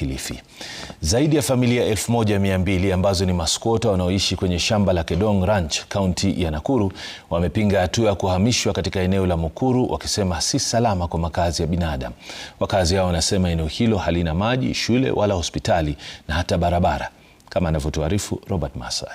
Kilifi. Zaidi ya familia 1200 ambazo ni maskwota wanaoishi kwenye shamba la Kedong Ranch, kaunti ya Nakuru, wamepinga hatua ya kuhamishwa katika eneo la Mukuru wakisema si salama kwa makazi ya binadamu. Wakazi hao wanasema eneo hilo halina maji, shule wala hospitali na hata barabara, kama anavyotuarifu Robert Masai.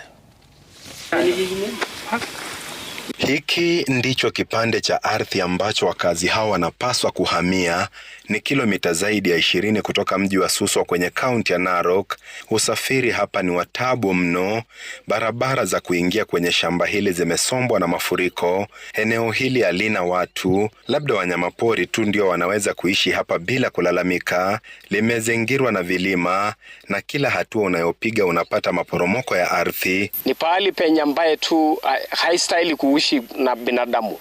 Hiki ndicho kipande cha ardhi ambacho wakazi hao wanapaswa kuhamia ni kilomita zaidi ya ishirini kutoka mji wa Suswa kwenye kaunti ya Narok. Usafiri hapa ni watabu mno. Barabara za kuingia kwenye shamba hili zimesombwa na mafuriko. Eneo hili halina watu, labda wanyamapori tu ndio wanaweza kuishi hapa bila kulalamika. Limezingirwa na vilima na kila hatua unayopiga unapata maporomoko ya ardhi. Ni pahali penye ambaye tu ah, haistahili kuishi na binadamu.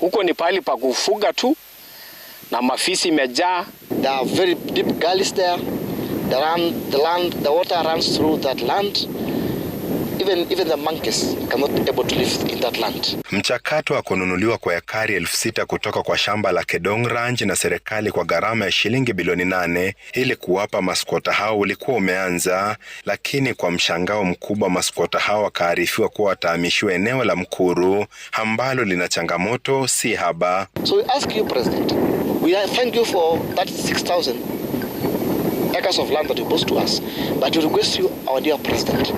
Huko ni pahali pa kufuga tu na mafisi imejaa. There are very deep gullies there. The, land, the land, the water runs through that land. Even, even the monkeys cannot be able to live in that land. Mchakato wa kununuliwa kwa ekari elfu sita kutoka kwa shamba la Kedong Ranch na serikali kwa gharama ya shilingi bilioni nane ili kuwapa maskota hao ulikuwa umeanza, lakini kwa mshangao mkubwa maskota hao wakaarifiwa kuwa watahamishiwa eneo la Mkuru ambalo lina changamoto si haba. So we ask you, President, We thank you for that 6,000 acres of land that you boast to us, but we request you, our dear president,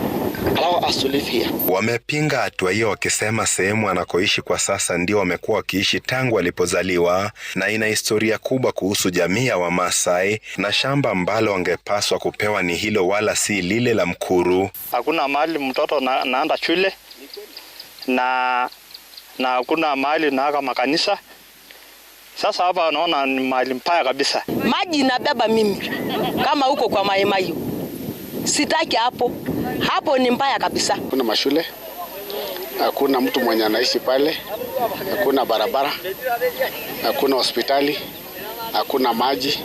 allow us to live here. Wamepinga hatua hiyo wakisema sehemu anakoishi kwa sasa ndio wamekuwa wakiishi tangu alipozaliwa na ina historia kubwa kuhusu jamii ya Wamasai na shamba ambalo wangepaswa kupewa ni hilo wala si lile la Mkuru. Hakuna mahali mtoto na, naanda shule na na hakuna mahali naaka makanisa sasa hapa naona ni mahali mbaya kabisa, maji nabeba mimi kama huko kwa maimayo, sitaki hapo. Hapo ni mbaya kabisa, kuna mashule hakuna mtu mwenye anaishi pale, hakuna barabara, hakuna hospitali, hakuna maji.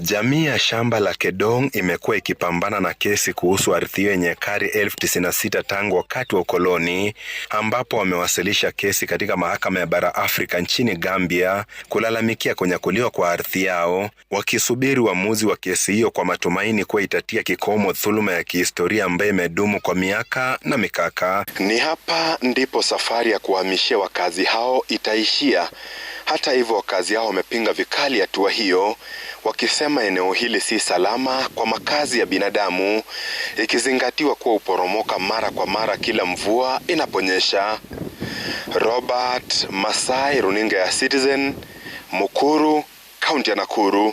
Jamii ya shamba la Kedong imekuwa ikipambana na kesi kuhusu ardhi hiyo yenye ekari 96 tangu wakati wa ukoloni, ambapo wamewasilisha kesi katika mahakama ya bara Afrika nchini Gambia kulalamikia kunyakuliwa kwa ardhi yao, wakisubiri uamuzi wa, wa kesi hiyo kwa matumaini kuwa itatia kikomo dhuluma ya kihistoria ambayo imedumu kwa miaka na mikaka. Ni hapa ndipo safari ya kuhamishia wakazi hao itaishia. Hata hivyo, wakazi hao wamepinga vikali hatua hiyo, wakisema eneo hili si salama kwa makazi ya binadamu, ikizingatiwa kuwa uporomoka mara kwa mara kila mvua inaponyesha. Robert Masai, runinga ya Citizen, Mukuru, kaunti ya Nakuru.